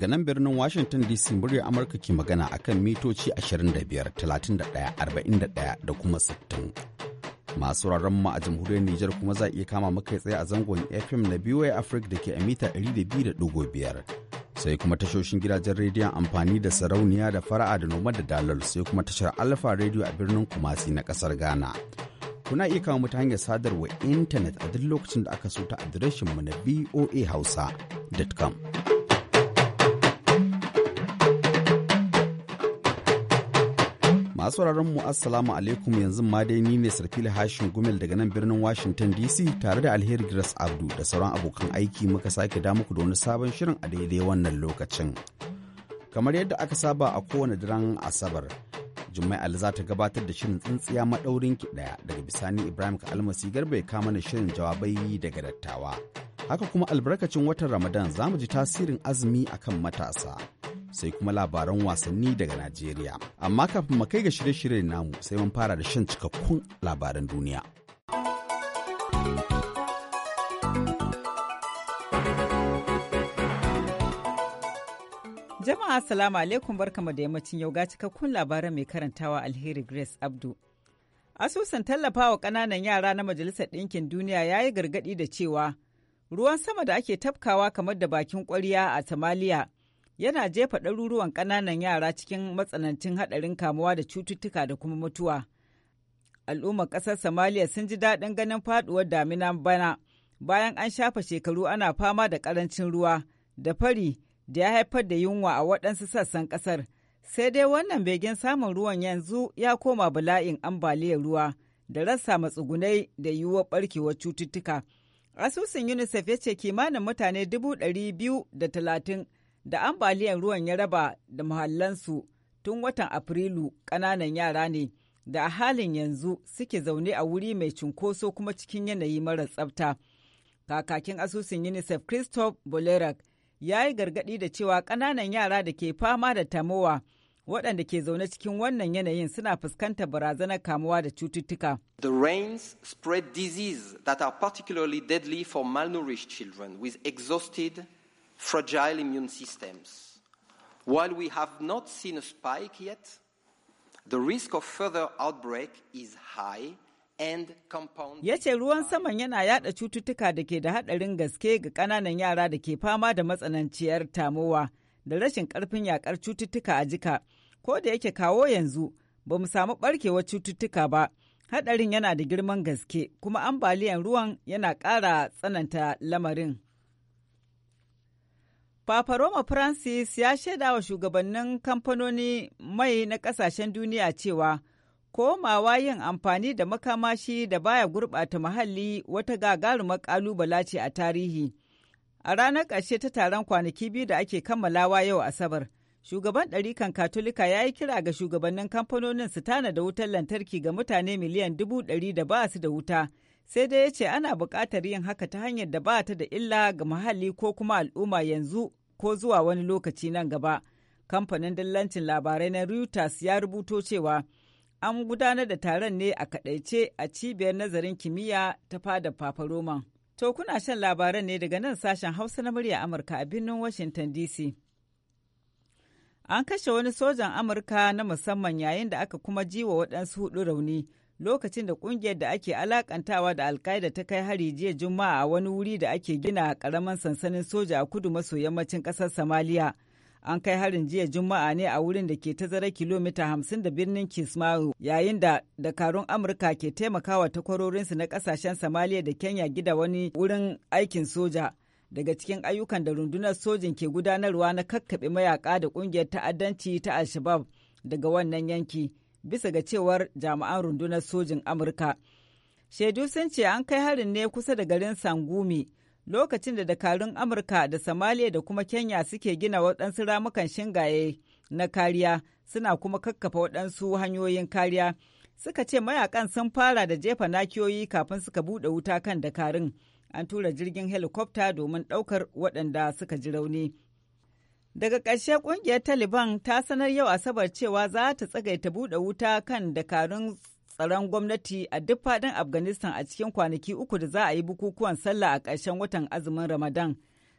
Daga nan birnin Washington DC muryar Amurka ke magana akan mitoci 25, 31, 41 da kuma 60. Masu rarren mu a jamhuriyar Nijar kuma za a iya kama muka tsaye a zangon FM na BOA Africa da ke a mita 200.5. Sai kuma tashoshin gidajen rediyon amfani da sarauniya da fara'a da noma da dalal sai kuma tashar Alfa rediyo a birnin Kumasi na kasar Ghana. kuna iya kama ta hanyar sadarwa intanet a duk lokacin da aka so ta mu na voahausa.com. Masu mu Assalamu alaikum yanzu ma dai ni ne Sarfili Hashin Gumel daga nan birnin Washington DC tare da Alheri Grace Abdu da sauran abokan aiki muka sake da muku da wani sabon shirin a daidai wannan lokacin. Kamar yadda aka saba a kowane daren Asabar, Jummai Ali za ta gabatar da shirin tsintsiya maɗaurin ki ɗaya daga bisani Ibrahim ka almasi garba ya kama na shirin jawabai daga dattawa. Haka kuma albarkacin watan Ramadan za mu ji tasirin azumi akan matasa. sai kuma labaran wasanni daga Najeriya. Amma kafin mu kai ga shirye-shiryen namu sai mun fara da shan cikakkun labaran duniya. Jama'a Assalamu alaikum barkamu da yammacin yau ga cikakkun labaran mai karantawa Alheri Grace Abdu. Asusun tallafawa ƙananan yara na Majalisar Ɗinkin Duniya ya yi gargaɗi da cewa ruwan sama da ake tafkawa kamar da bakin ƙwarya a Somalia yana jefa ɗaruruwan ƙananan yara cikin matsanancin haɗarin kamuwa da cututtuka da kuma mutuwa. Al'ummar ƙasar Somalia sun ji daɗin ganin faɗuwar damina bana bayan an shafa shekaru ana fama da ƙarancin ruwa da fari da ya haifar da yunwa a waɗansu sassan ƙasar. Sai dai wannan begen samun ruwan yanzu ya koma bala'in ambaliyar ruwa da rasa matsugunai da yiwuwar ɓarkewar cututtuka. Asusun UNICEF ya ce kimanin mutane dubu ɗari biyu da talatin da ambaliyar ruwan ya raba da muhallansu tun watan Afrilu ƙananan yara ne da a halin yanzu suke zaune a wuri mai cunkoso kuma cikin yanayi mara tsafta. Kakakin asusun UNICEF Christophe Bolerak ya yi gargaɗi da cewa ƙananan yara da ke fama da tamowa waɗanda ke zaune cikin wannan yanayin suna fuskantar barazanar kamuwa da cututtuka. The rains spread diseases that are particularly deadly for malnourished children with exhausted fragile immune systems. While we have not seen a spike yet, the risk of further outbreak is high Ya ce ruwan saman yana yada cututtuka da ke da haɗarin gaske ga ƙananan yara da ke fama da matsananciyar tamowa da rashin ƙarfin yakar cututtuka a jika. Ko da yake kawo yanzu ba mu samu ɓarkewar cututtuka ba, haɗarin yana da girman gaske kuma ambaliyan ruwan yana ƙara tsananta lamarin. Papa Roma Francis ya shaida wa shugabannin kamfanoni mai na kasashen duniya cewa komawa yin amfani da makamashi da baya gurɓata muhalli wata gagarumar ƙalubala ce a tarihi. A ranar ƙarshe ta taron kwanaki biyu da ake kammalawa yau Asabar, shugaban ɗarikan Katolika ya yi kira ga shugabannin kamfanonin su tana da wutar lantarki ga mutane miliyan dubu ɗari da ba su da wuta, sai dai ya ce ana buƙatar yin haka ta hanyar da ba ta da illa ga muhalli ko kuma al'umma yanzu ko zuwa wani lokaci nan gaba. Kamfanin dillancin labarai na Reuters ya rubuto cewa an gudanar da taron ne a kaɗaice a cibiyar nazarin kimiyya ta fadar Papa Roman. To kuna shan labaran ne daga nan sashen Hausa na murya Amurka a birnin Washington DC. An kashe wani sojan Amurka na musamman yayin da aka kuma ji wa waɗansu hudu rauni. lokacin da kungiyar da ake alakantawa da alkaida ta kai hari jiya juma'a a wani wuri da ake gina a karaman sansanin soja a kudu maso yammacin kasar samaliya an kai harin jiya juma'a ne a wurin da ke tazara kilomita hamsin da birnin kismaru yayin da dakarun amurka ke taimakawa takwarorinsu na kasashen samaliya da kenya gida wani wurin aikin soja daga cikin ayyukan da rundunar sojin ke gudanarwa na kakkaɓe mayaka da ƙungiyar ta'addanci ta al daga wannan yanki bisa ga cewar jami'an rundunar sojin amurka shaidu sun ce an kai harin ne kusa da garin sangumi lokacin da dakarun amurka da somalia da kuma kenya suke gina waɗansu ramukan shingaye na kariya suna kuma kakkafa waɗansu hanyoyin kariya suka ce mayakan sun fara da jefa nakiyoyi kafin suka buɗe wuta kan dakarun an tura jirgin helikwafta domin ɗaukar waɗanda suka ji rauni Daga ƙarshe ƙungiyar Taliban ta sanar yau Asabar cewa za ta tsagaita buɗe wuta kan dakarun tsaron gwamnati a duk faɗin Afghanistan a cikin kwanaki uku da za a yi bukukuwan sallah a ƙarshen watan azumin Ramadan.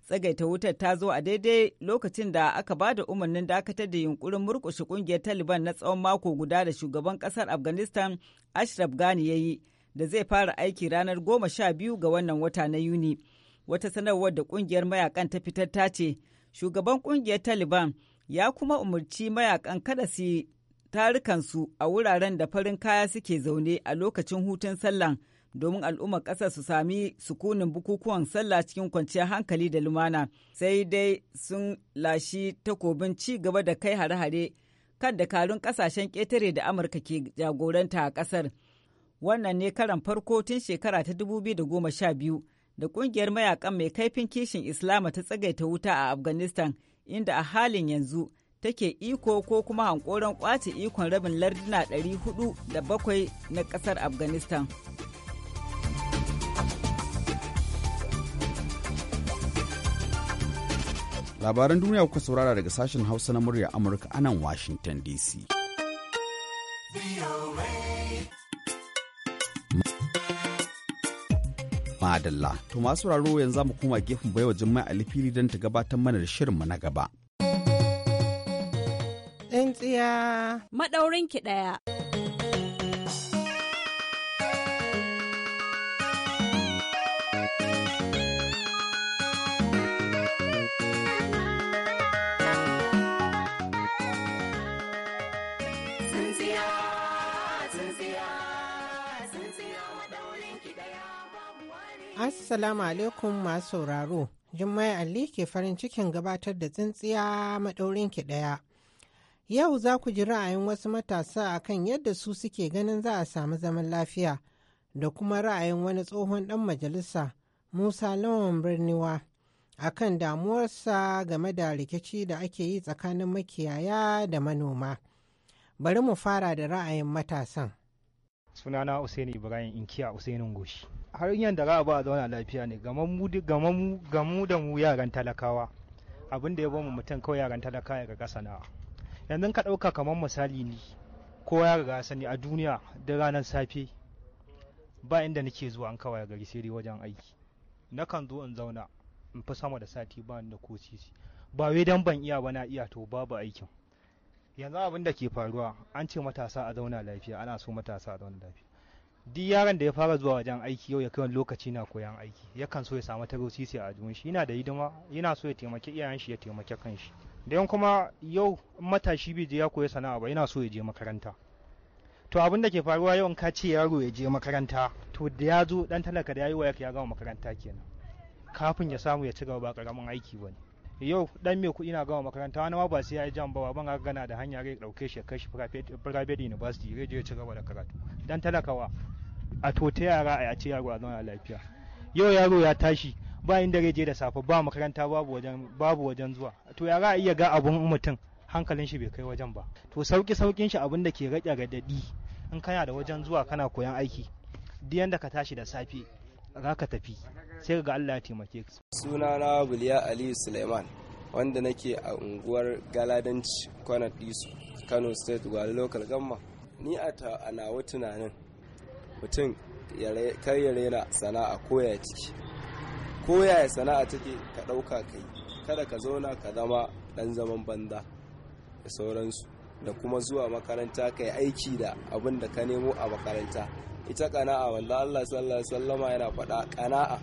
Tsagaita wutar ta zo a daidai lokacin da aka ba da umarnin dakatar da yunkurin murƙushe ƙungiyar Taliban na tsawon mako guda da shugaban ƙasar Afghanistan Ashraf Ghani ya yi da zai fara aiki ranar goma sha biyu ga wannan wata na Yuni. Wata sanarwar da ƙungiyar mayakan ta fitar ta ce shugaban kungiyar taliban ya kuma umarci mayakan kada su tarukansu a wuraren da farin kaya suke zaune a lokacin hutun sallah domin al'ummar ƙasar su sami sukunin bukukuwan sallah cikin kwanciyar hankali da lumana sai dai sun lashi takobin ci gaba da kai hare-hare kan dakarun ƙasashen ƙetare da amurka ke jagoranta a ƙasar wannan ne karan farko tun shekara ta 2012 da kungiyar mayakan mai kaifin kishin Islama ta tsagaita wuta a Afghanistan inda a halin yanzu take iko ko kuma hankoron kwace ikon rabin larduna 407 na kasar Afghanistan. Labaran duniya kuka saurara daga sashen Hausa na murya Amurka a nan Washington DC. Madalla. To masu raro yanzu za mu koma gefen baiwa a Alifili don ta gabatar mana da shirinmu na gaba. Tsintsiya. Maɗaurin ki ɗaya. Assalamu alaikum masu sauraro. Jummai Ali ke farin cikin gabatar da tsintsiya maɗaurin ki ɗaya. Yau za ku ji ra'ayin wasu matasa a kan yadda su suke ganin za a samu zaman lafiya da kuma ra'ayin wani tsohon ɗan majalisa Musa Lawan Birniwa a kan damuwarsa game da rikici da ake yi tsakanin makiyaya da manoma. Bari mu fara da ra'ayin matasan. Sunana Usaini Ibrahim Inkiya Usainin Goshi. Har da za ba a zauna lafiya ne gamu da mu yaran talakawa abin da ya mu mutum kawai yaran talakawa ya ga sana'a yanzu ka ɗauka kamar misali ne ko ya riga sani a duniya da ranar safe ba inda nake zuwa an kawai gari sai dai wajen aiki Na kan zo in zauna in fi sama da sati ba da ko ba wai dan ban iya ba na iya to babu aikin yanzu abin da ke faruwa an ce matasa a zauna lafiya ana so matasa a zauna lafiya duk yaron da ya fara zuwa wajen aiki yau ya kai lokaci na koyan aiki yakan so ya samu sai a ajiyun shi yana da hidima yana so ya taimaki iyayen shi ya taimaki shi. da kuma yau matashi bai je ya koya sana'a ba yana so ya je makaranta to abin da ke faruwa yau in ka ce yaro ya je makaranta to da ya zo dan talaka da ya yayi waya ya gama makaranta kenan kafin ya samu ya ci gaba ba karamin aiki ba ne. yau dan mai kuɗi na gama makaranta wani ma ba sai ya yi jan ba ban ga gana da hanya zai ɗauke shi kai shi private university zai je ya ci gaba da karatu dan talakawa a to ta yara a yace yaro a zauna lafiya yau yaro ya tashi ba inda zai je da safe ba makaranta babu wajen babu wajen zuwa to yara a iya ga abun mutum hankalin shi bai kai wajen ba to sauki saukin shi abin da ke rage radadi in kana da wajen zuwa kana koyan aiki duk yanda ka tashi da safe za ka tafi sai ga Allah ya taimake ka sunana Buliya Ali Suleiman wanda nake a unguwar galadanci kwanar disu kano state wa local gamma ni a nawa tunanin mutum kar ya rena sana'a koya ciki koya sana'a take ka ɗauka kai kada ka zauna ka zama ɗan zaman banza da sauransu da kuma zuwa makaranta ka yi aiki da abin da ka nemo a makaranta ita kana'a wanda allah sallallahu sallama yana faɗa kana'a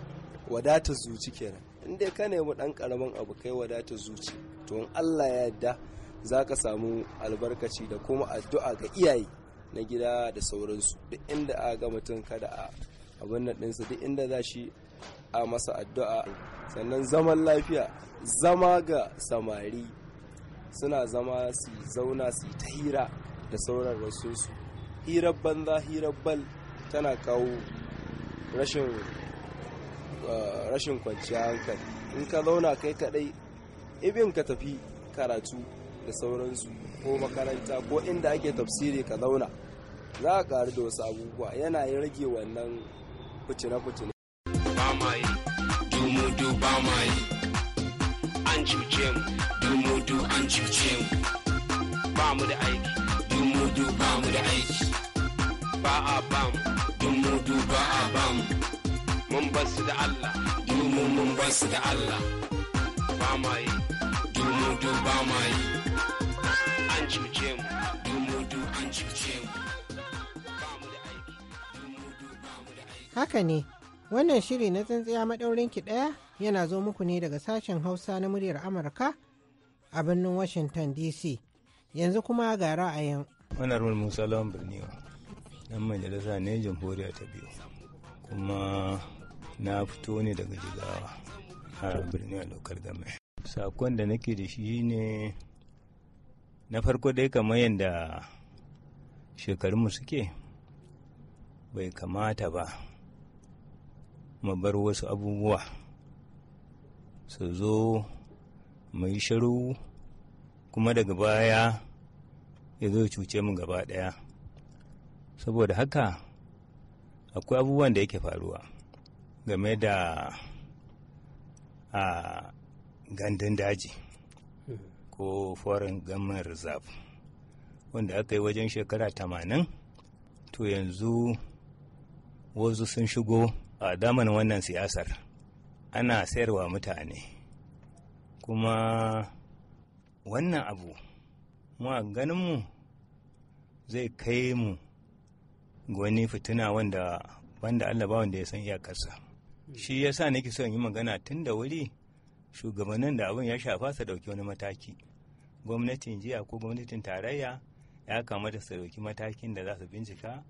wadata zuci kenan in dai ka nemi dan karamin abu kai wadata zuci to in allah ya yarda za ka samu albarkaci da kuma addu'a ga iyaye na gida da sauransu duk inda a ga mutum kada a abin nan ɗinsa duk inda za shi a masa addu'a sannan zaman lafiya zama ga samari suna zama su zauna su ta hira da sauran rasunsu hirar banza hirar bal tana kawo rashin Eh, rashin kwanciya hankali in ka zauna kai kadai ibin ka tafi karatu da sauransu ko makaranta ko inda ake tafsiri ka zauna za a karu da wasu abubuwa yana rage wannan kucina kucina ba mu da aiki ba mu da aiki ba a ba mu da Allah dumu mun bar su da Allah ba ma yi dumu du ba ma yi an cuce mu dumu du an cuce mu haka ne wannan shiri na tsintsiya maɗaurin ki ɗaya yana zo muku ne daga sashen hausa na muryar amurka a birnin washington dc yanzu kuma ga ra'ayin honorable musa lawan birniwa dan majalisa ne jamhuriya ta biyu kuma na fito ne daga jigawa a birnin lokar game sakon da nake da shi ne na farko dai kamar yadda shekarunmu suke bai kamata ba mu bar wasu abubuwa su zo mai shiru kuma daga baya ya zo cuce mu gaba ɗaya saboda haka akwai abubuwan da yake faruwa game da a gandun daji ko foreign government reserve wanda aka yi wajen shekara tamanin to yanzu wasu sun shigo a daman wannan siyasar ana sayarwa mutane kuma wannan abu ma ganinmu zai kai mu wani fitina wanda banda allah ba wanda ya san iyakarsa shi ya sa nake son yi magana tun da wuri shugabannin da abin ya shafa su dauki wani mataki gwamnatin jiya ko gwamnatin tarayya ya kamata su dauki matakin da za su bincika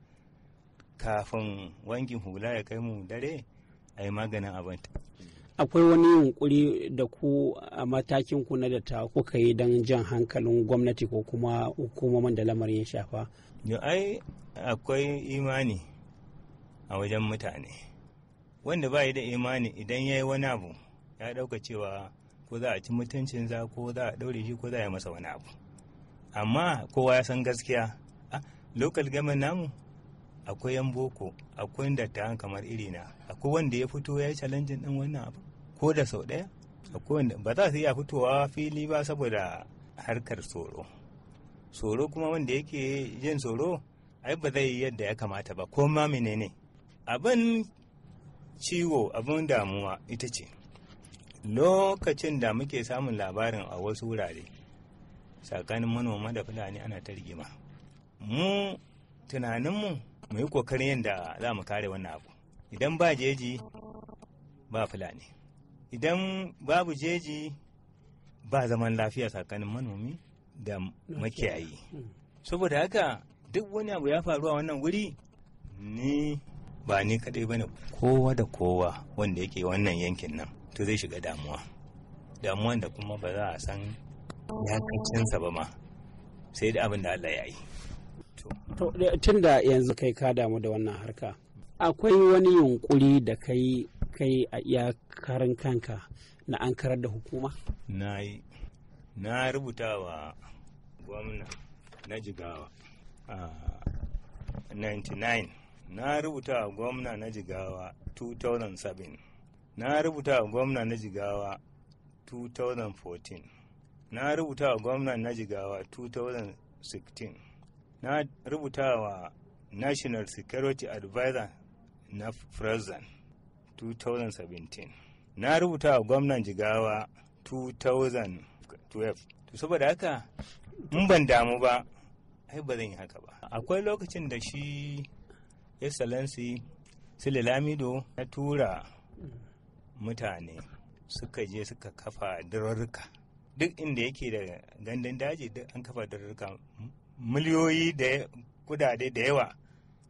kafin wankin hula ya kai mu dare a yi maganin abin akwai wani yunkuri da ku a matakin ku na da ta kuka yi don jan hankalin gwamnati ko kuma hukumomin da lamarin ya shafa ai akwai imani a wajen mutane wanda ba da imani idan ya yi wani abu ya ɗauka cewa ko za a ci mutuncin za ko za a ɗaure shi ko za a yi masa wani abu amma kowa ya san gaskiya a lokal gamin namu akwai yan boko akwai ta kamar iri na akwai wanda ya fito ya yi challenging din wannan abu ko da sau ɗaya akwai wanda ba za su iya fitowa fili ba saboda harkar tsoro tsoro kuma wanda yake yin tsoro ai ba zai yi yadda ya kamata ba ko ma menene abin ciwo abin damuwa ita ce lokacin da muke samun labarin a wasu wurare tsakanin manoma da fulani ana ta rigima mu tunaninmu mu yi kokarin yadda za mu kare wannan abu idan ba jeji ba fulani idan babu jeji ba zaman lafiya tsakanin manomi da makiyayi mm. saboda haka duk wani abu ya faru a wannan wuri ni ba ni kadai bane kowa da kowa wanda yake wannan yankin nan to zai shiga damuwa damuwa da kuma ba za a san yankacinsa ba ma sai da abin da Allah ya yi to tun da yanzu kai ka damu da wannan harka akwai wani yunkuri da kai kai a iyakarin kanka na an karar da hukuma na na rubuta wa gwamna na jigawa a ah, 99 na rubuta a gwamna na jigawa 2007 na rubuta a gwamna na jigawa 2014 na rubuta a gwamna na jigawa 2016 na rubuta wa national security advisor na president 2017 na rubuta wa gwamnan jigawa 2012 to saboda haka mun ban damu ba ai ba zan yi haka ba akwai lokacin da shi excellency sule lamido na tura mutane suka je suka kafa dararruka duk inda yake da gandun daji duk an kafa dararruka miliyoyi da kudade da yawa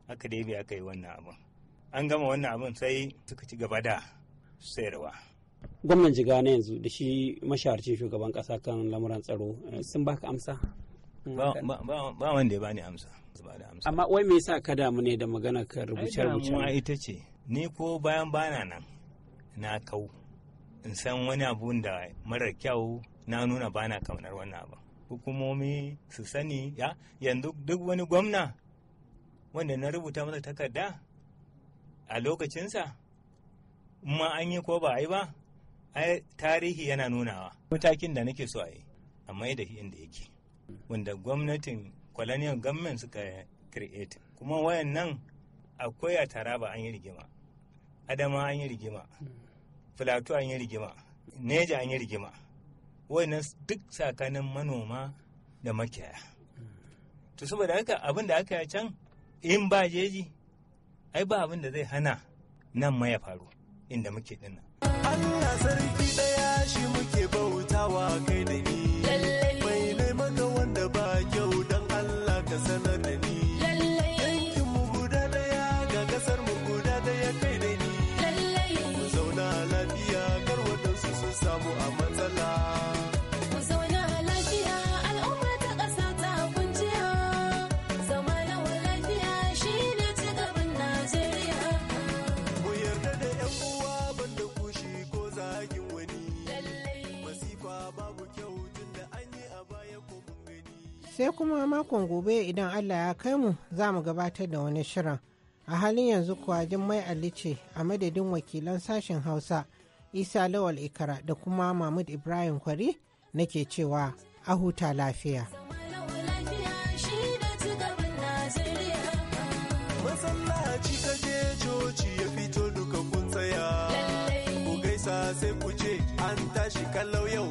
aka daibi aka yi wannan abin an gama wannan abin sai suka ci gaba da sayarwa gwamnan jiga na yanzu da shi masharci shugaban kasa kan lamuran tsaro eh, sun baka amsa Mm, ba wanda ya bani amsa amma wai me yasa ka damu ne da magana ka rubuce rubuce ma ita ce ni ko bayan bana nan na kau in san wani abu da marar kyau na nuna bana kamar wannan abu hukumomi su sani ya yanzu duk wani gwamna wanda na rubuta masa takarda a lokacinsa ma an yi ko ba a yi ba ai tarihi yana nunawa matakin da nake so a yi amma da inda yake wanda gwamnatin colonial government suka create kuma wayan nan, akwai a taraba an yi rigima adama an yi rigima filato an yi rigima neja an yi rigima wayannan duk tsakanin manoma da makiyaya to saboda haka abin da aka yi can in ba jeji ai ba abin da zai hana nan ma ya faru inda muke dinnan Allah sarki shi muke bautawa kai sai kuma makon gobe idan allah ya kai mu za mu gabatar da wani shirin a halin yanzu kuwa mai alice a madadin wakilan sashen hausa isa lawal ikara da kuma mahmud ibrahim kwari nake cewa a huta lafiya masallaci ya fito gaisa sai ku ce an tashi kallau yau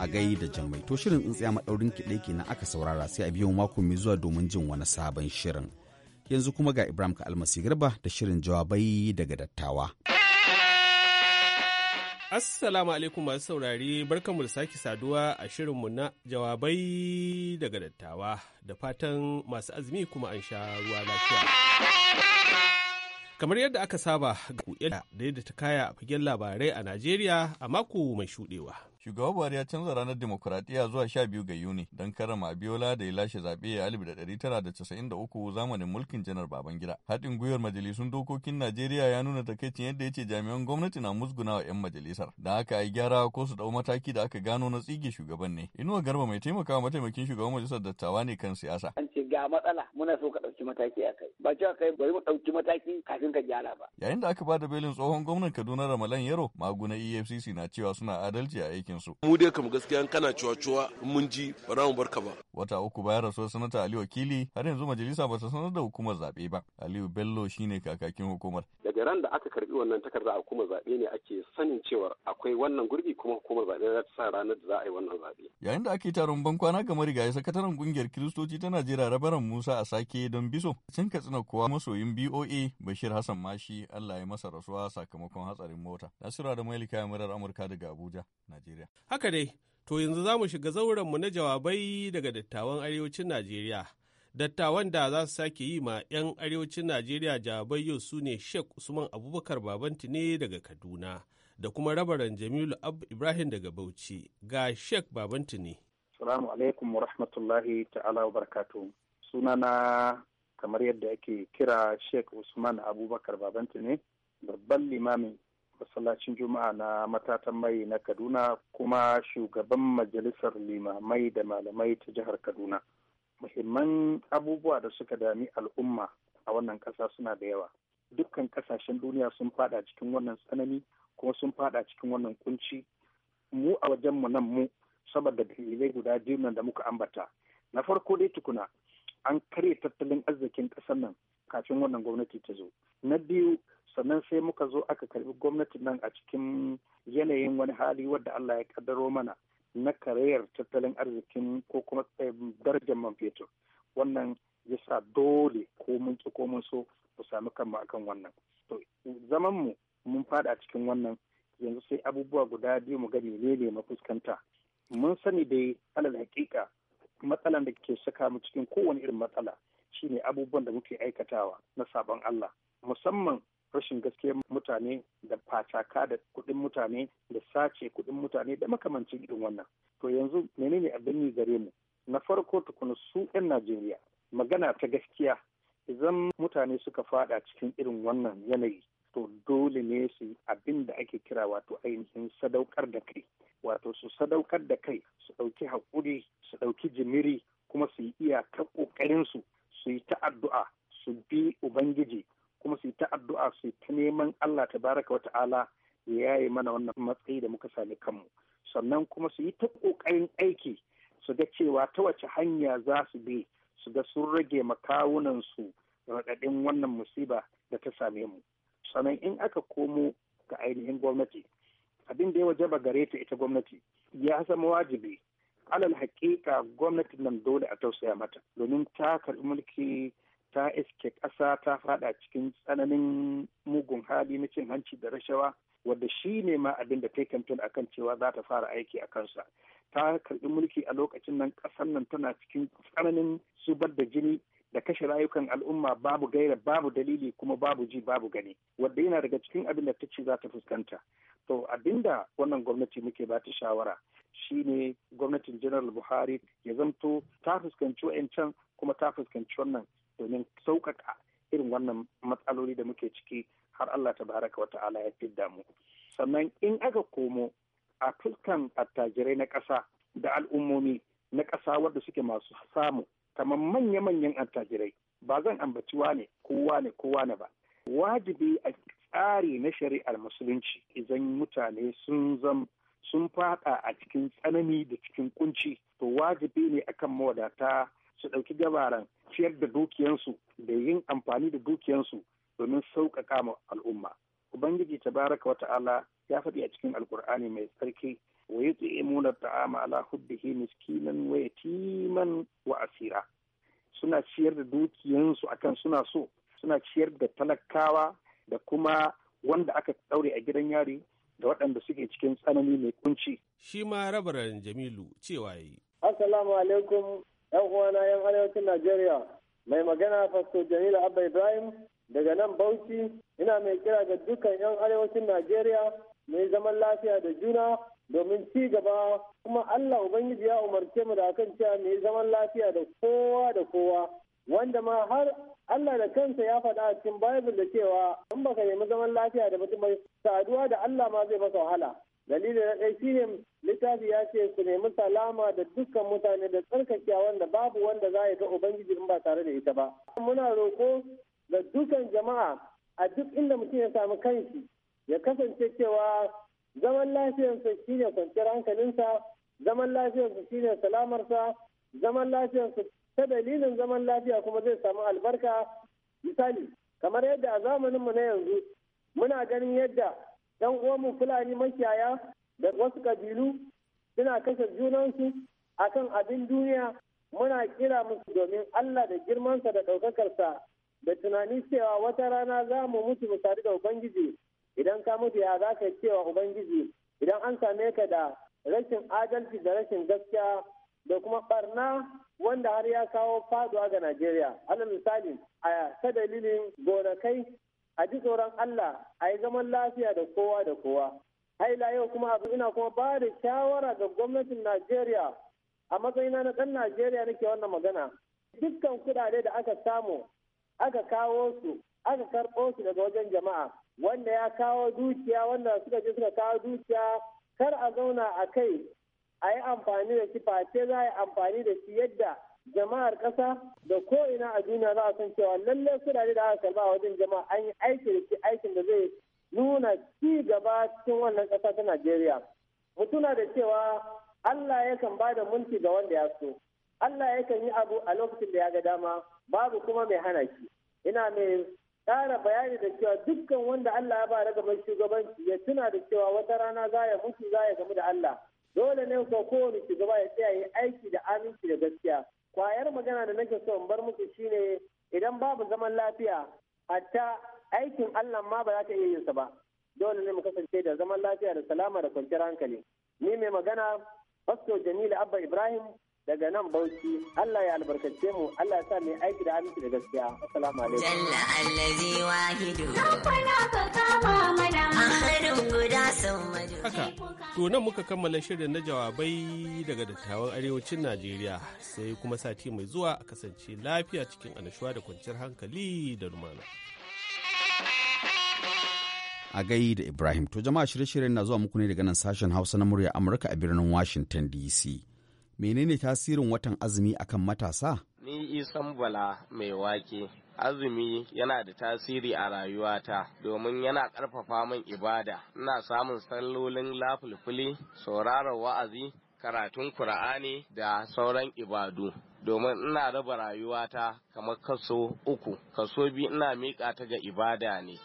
a gai da jammai to shirin tsintsiya maɗaurin kiɗe kenan aka saurara sai a biyo mako mai zuwa domin jin wani sabon shirin yanzu kuma ga ibrahim ka almasi garba da shirin jawabai daga dattawa assalamu alaikum masu saurari barkanmu da sake saduwa a shirin mu na jawabai daga dattawa da fatan masu azumi kuma an sha ruwa lafiya kamar yadda aka saba ga da yadda ta kaya a fagen labarai a Najeriya a mako mai shuɗewa. shugaban Buhari ya canza ranar dimokuraɗiyya zuwa 12 ga Yuni don karama Abiola da ya lashe zaɓe a 1993 zamanin mulkin Janar Babangida. Haɗin gwiwar majalisun dokokin Najeriya ya nuna takaicin yadda ya ce jami'an gwamnati na musguna wa 'yan majalisar. Da aka yi gyara ko su ɗau mataki da aka gano na tsige shugaban ne. Inuwa Garba mai taimakawa mataimakin shugaban majalisar dattawa ne kan siyasa. An ya matsala muna so ka ɗauki mataki a kai ba cewa kai bari mu ɗauki mataki kafin ka gyara ba. Yayin da aka bada belin tsohon gwamnan Kaduna Ramalan Yaro maguna EFCC na cewa suna adalci a aikin su. Mu dai kamar gaskiya kana cewa cewa mun ji ba za mu ka ba. Wata uku bayan rasuwar sanata Ali Wakili har yanzu majalisa ba ta sanar da hukumar zaɓe ba. Aliyu Bello shine kakakin hukumar. Daga ran da aka karbi wannan takarda a hukumar zaɓe ne ake sanin cewa akwai wannan gurbi kuma hukumar zaɓe za ta sa ranar da za a yi wannan zaɓe. Yayin da ake taron kwana ga marigayi sakataren kungiyar Kiristoci ta Najeriya rabar ɓangaren Musa a sake don biso. Can Katsina kuwa masoyin BOA Bashir Hassan Mashi Allah ya masa rasuwa sakamakon hatsarin mota. Nasira da Mailika ya murar Amurka daga Abuja, Najeriya. Haka dai, to yanzu za mu shiga zauren mu na jawabai daga dattawan arewacin Najeriya. Dattawan da za su sake yi ma 'yan arewacin Najeriya jawabai yau sune ne Sheikh Usman Abubakar Babanti ne daga Kaduna da kuma rabaran Jamilu Ab Ibrahim daga Bauchi ga Sheikh Babanti ne. Salamu alaikum wa rahmatullahi ta'ala wa barakatuhu. sunana kamar yadda ake kira sheikh usman abubakar babanta ne babban limamin masallacin juma'a na matatan mai na kaduna kuma shugaban majalisar limamai da malamai ta jihar kaduna muhimman abubuwa da suka dami al'umma a wannan kasa suna da yawa dukkan ƙasashen duniya sun fada cikin wannan tsanani kuma sun fada cikin wannan kunci mu a wajenmu nan mu saboda dalilai guda biyu da muka ambata na farko dai tukuna an karya tattalin arzikin ƙasar nan kafin wannan gwamnati ta zo na biyu sannan sai muka zo aka karbi gwamnatin nan a cikin yanayin wani hali wadda Allah ya kaddaro mana na karayar tattalin arzikin ko kuma eh, darajar man fetur wannan ya sa dole ko mun ci ko mun so mu sami kanmu akan wannan to zaman mu mun fada cikin wannan yanzu sai abubuwa guda biyu mu ga menene mafuskanta mun sani dai alal hakika matsalan da ke saka mu cikin kowane irin matsala shine abubuwan da muke aikatawa na sabon Allah musamman rashin gaskiyar mutane da facaka da kuɗin mutane da sace kuɗin mutane da makamancin irin wannan to yanzu menene abin yi gare mu na farko tukuna su 'yan Najeriya magana ta gaskiya idan mutane suka fada cikin irin wannan yanayi to dole ne su abin da ake kira wato ainihin sadaukar da kai wato su sadaukar da kai su ɗauki haƙuri su ɗauki jimiri kuma su yi iyakar ƙoƙarinsu su yi ta addu'a su bi ubangiji kuma su yi ta addu'a su yi ta neman allah ta tabaraka wa ta'ala ya yaye mana wannan matsayi da muka sami kanmu sannan kuma su yi ta ƙoƙarin aiki su ga cewa ta wace hanya za su bi su ga sun rage makawunansu raɗaɗin wannan musiba da ta same mu sannan in aka komo ga ainihin gwamnati abin da ya wajaba gare ta ita gwamnati ya zama wajibi alal hakika gwamnatin nan dole a tausaya mata domin ta karbi mulki ta iske ƙasa ta fada cikin tsananin mugun hali na cin hanci da rashawa wadda shi ne ma abin da ta a akan cewa za ta fara aiki a kansa ta karbi mulki a lokacin nan ƙasar nan tana cikin tsananin zubar da jini da kashe rayukan al'umma babu gaira babu dalili kuma babu ji babu gani wadda yana daga cikin abin da ta ce za ta fuskanta to abinda wannan gwamnati muke ba ta shawara shine gwamnatin general buhari ya zamto ta fuskanci wayancan kuma ta fuskanci wannan domin sauƙaƙa irin wannan matsaloli da muke ciki har allah ta baraka wata ala ya fidda mu sannan in aka komo a fuskan attajirai na ƙasa da al'ummomi na ƙasa wadda suke masu samu kamar manya-manyan attajirai ba zan ambaci wane kowa ne kowa ne ba wajibi a tsari na shari'ar musulunci idan mutane sun zam sun fada a cikin tsanani da cikin kunci to wajibi ne akan mawadata su ɗauki gabaran ciyar da dukiyansu da yin amfani da dukiyansu domin sauƙaƙa ma al'umma ubangiji tabaraka wa ta'ala ya faɗi a cikin alkur'ani mai tsarki wa da ta'ama ala hubbihi miskinan wa yatiman wa asira suna ciyar da dukiyansu akan suna so suna ciyar da talakawa da kuma wanda aka ɗaure a gidan yari da waɗanda suke cikin tsanani mai kunci. Shi ma rabaran Jamilu cewa yi. Assalamu alaikum ‘yan uwana ‘yan arewacin Najeriya mai magana Fasto Jamilu Abba Ibrahim daga nan Bauchi ina mai kira ga dukkan ‘yan arewacin Najeriya mai zaman lafiya da juna domin ci gaba kuma Allah Ubangiji ya umarce mu da akan cewa mai zaman lafiya da kowa da kowa wanda ma har Allah da kansa ya faɗa a cikin Bible da cewa in baka nemi zaman lafiya da mutum bai saduwa da Allah ma zai masa wahala. Dalilin na ɗaya shine littafi ya ce su nemi salama da dukkan mutane da tsarkakiya wanda babu wanda za ya ga Ubangiji in ba tare da ita ba. Muna roƙo ga dukkan jama'a a duk inda mutum ya samu kanshi ya kasance cewa zaman lafiyarsa shine kwanciyar hankalinsa, zaman lafiyarsa shine salamarsa, zaman lafiyarsa ta dalilin zaman lafiya kuma zai samu albarka misali kamar yadda a zamanin mu na yanzu muna ganin yadda yan uwanmu fulani makiyaya da wasu kabilu suna kashe junansu a kan abin duniya muna kira musu domin Allah da girmansa da ɗaukakarsa da tunani cewa wata rana za mu mutu mu sadu da Ubangiji idan ka mutu ya za cewa Ubangiji idan an same ka da rashin adalci da rashin gaskiya da kuma barna wanda har ya kawo faduwa ga Najeriya. Alal misali a ta dalilin gonakai a ji tsoron Allah a yi zaman lafiya da kowa da kowa. Haila yau kuma abu ina kuma ba da shawara ga gwamnatin Najeriya a matsayina na ɗan Najeriya nake wannan magana. Dukkan kuɗaɗe da aka samu aka kawo su aka karɓo su daga wajen jama'a wanda ya kawo dukiya wanda suka je suka kawo dukiya kar a zauna a kai a yi amfani da shi face za a yi amfani da shi yadda jama'ar ƙasa da ko'ina a duniya za a san cewa lallai kudade da aka karba a wajen jama'a an yi aiki da shi aikin da zai nuna ci gaba cikin wannan ƙasa ta Najeriya. Mutuna da cewa Allah yakan ba da mulki ga wanda ya so. Allah ya kan yi abu a lokacin da ya ga dama babu kuma mai hana shi. Ina mai ƙara bayani da cewa dukkan wanda Allah ya ba gaban shugabanci ya tuna da cewa wata rana za ya mutu za ya gamu da Allah. dole ne ko kowane shugaba ya tsaya yi aiki da aminci da gaskiya kwayar magana da nake so in bar muku shine idan babu zaman lafiya hatta aikin Allah ma ba za ta iya yin sa ba dole ne mu kasance da zaman lafiya da salama da kwanciyar hankali ni mai magana Fasto Jamilu Abba Ibrahim daga nan Bauchi Allah ya albarkace mu Allah ya sa mu aiki da aminci da gaskiya assalamu alaikum jalla allazi wahidu rabbana kama mana ahadun guda sun haka to nan muka kammala shirin na jawabai daga dattawan arewacin Najeriya sai kuma sati mai zuwa a kasance lafiya cikin annashuwa da kwanciyar hankali da lumana a gai da Ibrahim. To jama'a shirye-shiryen na zuwa muku ne daga nan sashen Hausa na murya Amurka a birnin Washington DC. menene tasirin watan azumi akan matasa? Ni isan bala mai wake. azumi yana da tasiri a rayuwata domin yana ƙarfafa min ibada ina samun sallolin lafulfuli sauraron wa'azi karatun kur'ani da sauran ibadu domin ina raba rayuwata kamar kaso uku kaso biyu ina miƙa ta ga ibada ne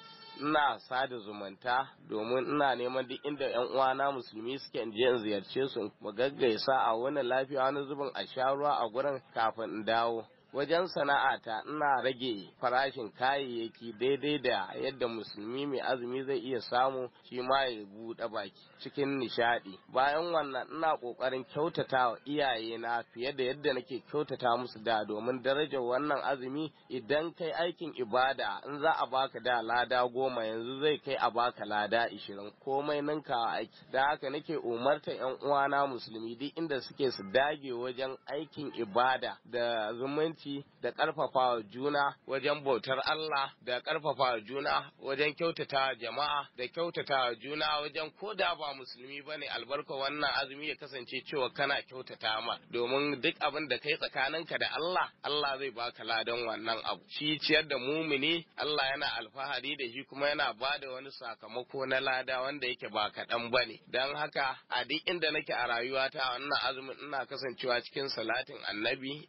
ina sada zumunta domin ina neman duk inda yan uwana musulmi suke in je in ziyarce su mu gaggaisa a wani lafiya wani zubin a sha ruwa a gurin kafin in dawo wajen sana'ata ina rage farashin kayayyaki daidai da yadda musulmi mai azumi zai iya samu shi ma ya buɗe baki cikin nishaɗi bayan wannan ina ƙoƙarin kyautata wa iyayena fiye da yadda nake kyautata musu da domin darajar wannan azumi idan kai aikin ibada in za a baka da lada goma yanzu zai kai a baka lada ishirin komai ninka aiki da haka nake umarta yan uwana musulmi duk inda suke su dage wajen aikin ibada da zumunci zumunci da ƙarfafawa juna wajen bautar Allah da ƙarfafawa juna wajen kyautata jama'a da kyautata juna wajen ko da ba musulmi ba ne albarka wannan azumi ya kasance cewa kana kyautata ma domin duk abin da kai tsakaninka da Allah Allah zai baka ladan wannan abu shi ciyar da mumini Allah yana alfahari da shi kuma yana ba da wani sakamako na lada wanda yake ba kaɗan ba ne don haka a duk inda nake a rayuwata wannan azumin ina kasancewa cikin salatin annabi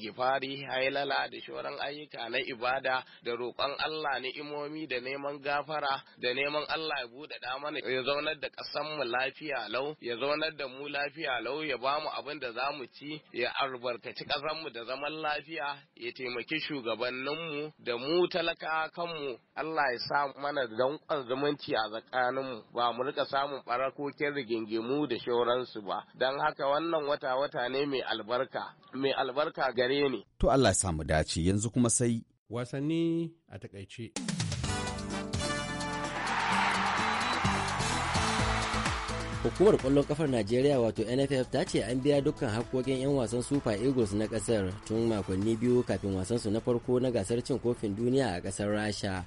gifari tsarki hailala da shoran ayyuka na ibada da roƙon Allah ni'imomi da neman gafara da neman Allah ya buɗaɗa mana ya zaunar da ƙasan mu lafiya lau ya zaunar da mu lafiya lau ya ba mu abin da zamu ci ya albarkaci ƙasar mu da zaman lafiya ya taimaki shugabannin mu da mu talaka kanmu Allah ya sa mana danƙon zumunci a tsakanin mu ba mu rika samun barakokin rigingimu da su ba dan haka wannan wata wata ne mai albarka mai albarka gare ni To Allah ya samu dace yanzu kuma sai. Wasanni a takaice. hukumar kwallon kafar najeriya wato nff ta ce an biya dukkan hakkokin 'yan wasan super eagles na kasar tun makonni biyu kafin wasansu na farko na gasar cin kofin duniya a kasar rasha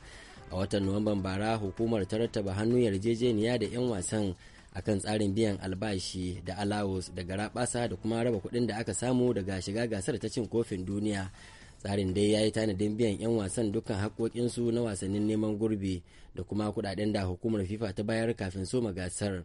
a watan nuwamban bara hukumar ta rattaba hannun yarjejeniya da 'yan wasan akan tsarin biyan albashi da alawus da rabasa da kuma raba kuɗin da aka samu daga shiga gasar ta cin kofin duniya tsarin dai ya yi tanadin biyan 'yan wasan dukkan haƙoƙinsu na wasannin neman gurbi da kuma kuɗaɗen da hukumar fifa ta bayar kafin soma gasar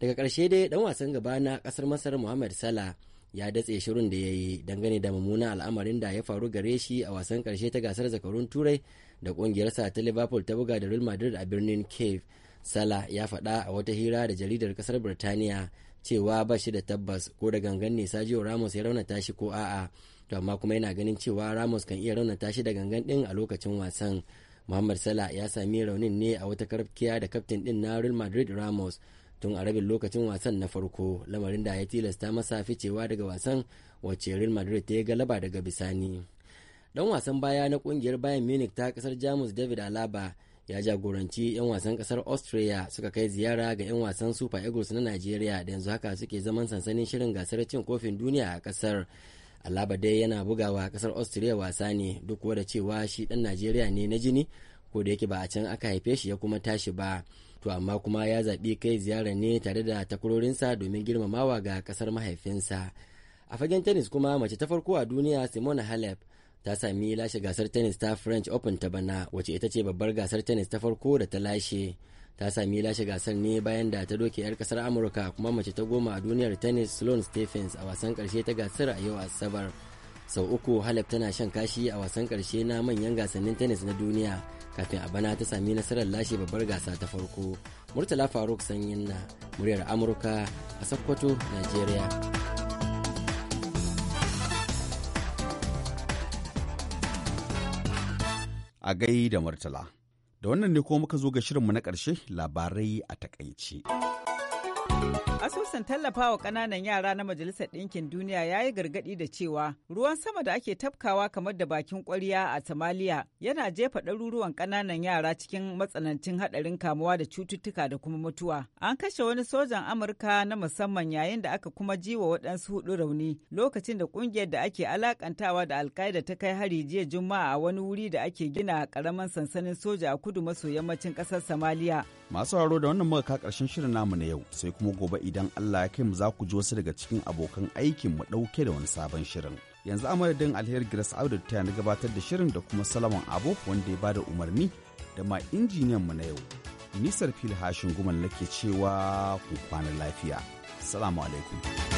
daga ƙarshe dai ɗan wasan gaba na ƙasar masar muhammad salah ya datse shirin da ya yi dangane da mummunan al'amarin da ya faru gare shi a wasan ƙarshe ta gasar zakarun turai da ƙungiyarsa ta liverpool ta buga da real madrid a birnin cave Salah ya faɗa a wata hira da jaridar kasar Birtaniya cewa ba shi da tabbas ko da gangan ne sajiyo Ramos ya raunata shi ko a'a. To amma kuma yana ganin cewa Ramos kan iya raunata shi da gangan ɗin a lokacin wasan. Muhammad sala ya sami raunin ne a wata karkiya da kaftin ɗin na Real Madrid Ramos tun a rabin lokacin wasan na farko lamarin da ya tilasta masa ficewa daga wasan wacce Real Madrid ta yi galaba daga bisani. Dan wasan baya na kungiyar bayan Munich ta kasar Jamus David Alaba ya jagoranci 'yan wasan kasar austria suka kai ziyara ga 'yan wasan super eagles na nigeria da yanzu haka suke zaman sansanin shirin gasar cin kofin duniya a kasar alaba dai yana bugawa kasar austria wasa ne duk da cewa shi dan Najeriya ne na jini ko da yake ba a can aka haife shi ya kuma tashi ba to amma kuma ya zaɓi kai ziyara ne tare da takurorinsa domin girmamawa ga kasar mahaifinsa a fagen tennis kuma mace ta farko a duniya simona halep ta sami lashe gasar tennis ta french open ta bana wacce ita ce babbar gasar tennis ta farko da ta lashe ta sami lashe gasar ne bayan da ta doke 'yar kasar amurka kuma mace ta goma a duniyar tennis sloan stephens a wasan karshe ta gasar a yau asabar sau uku halab tana shan kashi a wasan karshe na manyan gasannin tennis na duniya kafin a bana ta sami nasarar lashe babbar gasa ta farko murtala faruk sanyin na muryar amurka a sokoto nigeria a gai da Murtala. Da wannan ne kuma muka zo ga shirinmu na ƙarshe labarai a takaice. Asusun tallafawa ƙananan yara na Majalisar Ɗinkin Duniya ya yi gargaɗi da cewa ruwan sama da ake tafkawa kamar da bakin ƙwarya a Somalia yana jefa ɗaruruwan ƙananan yara cikin matsanancin haɗarin kamuwa da cututtuka da kuma mutuwa. An kashe wani sojan Amurka na musamman yayin da aka kuma jiwa waɗansu hudu rauni lokacin da ƙungiyar da ake alakantawa da alkaida ta kai hari jiya Juma'a a wani wuri da ake gina ƙaramin sansanin soja a kudu maso yammacin ƙasar Somalia. Masu haro da wannan muka ka ƙarshen shirin namu na yau sai kuma gobe idan Allah ya kai mu za ku ji wasu daga cikin abokan aikin mu ɗauke da wani sabon shirin. Yanzu a madadin alheri Grace Audu ta na gabatar da shirin da kuma Salaman Abo wanda ya bada umarni da ma injiniyan mu na yau. Nisar fil hashin guman nake cewa ku kwana lafiya. Salamu alaikum.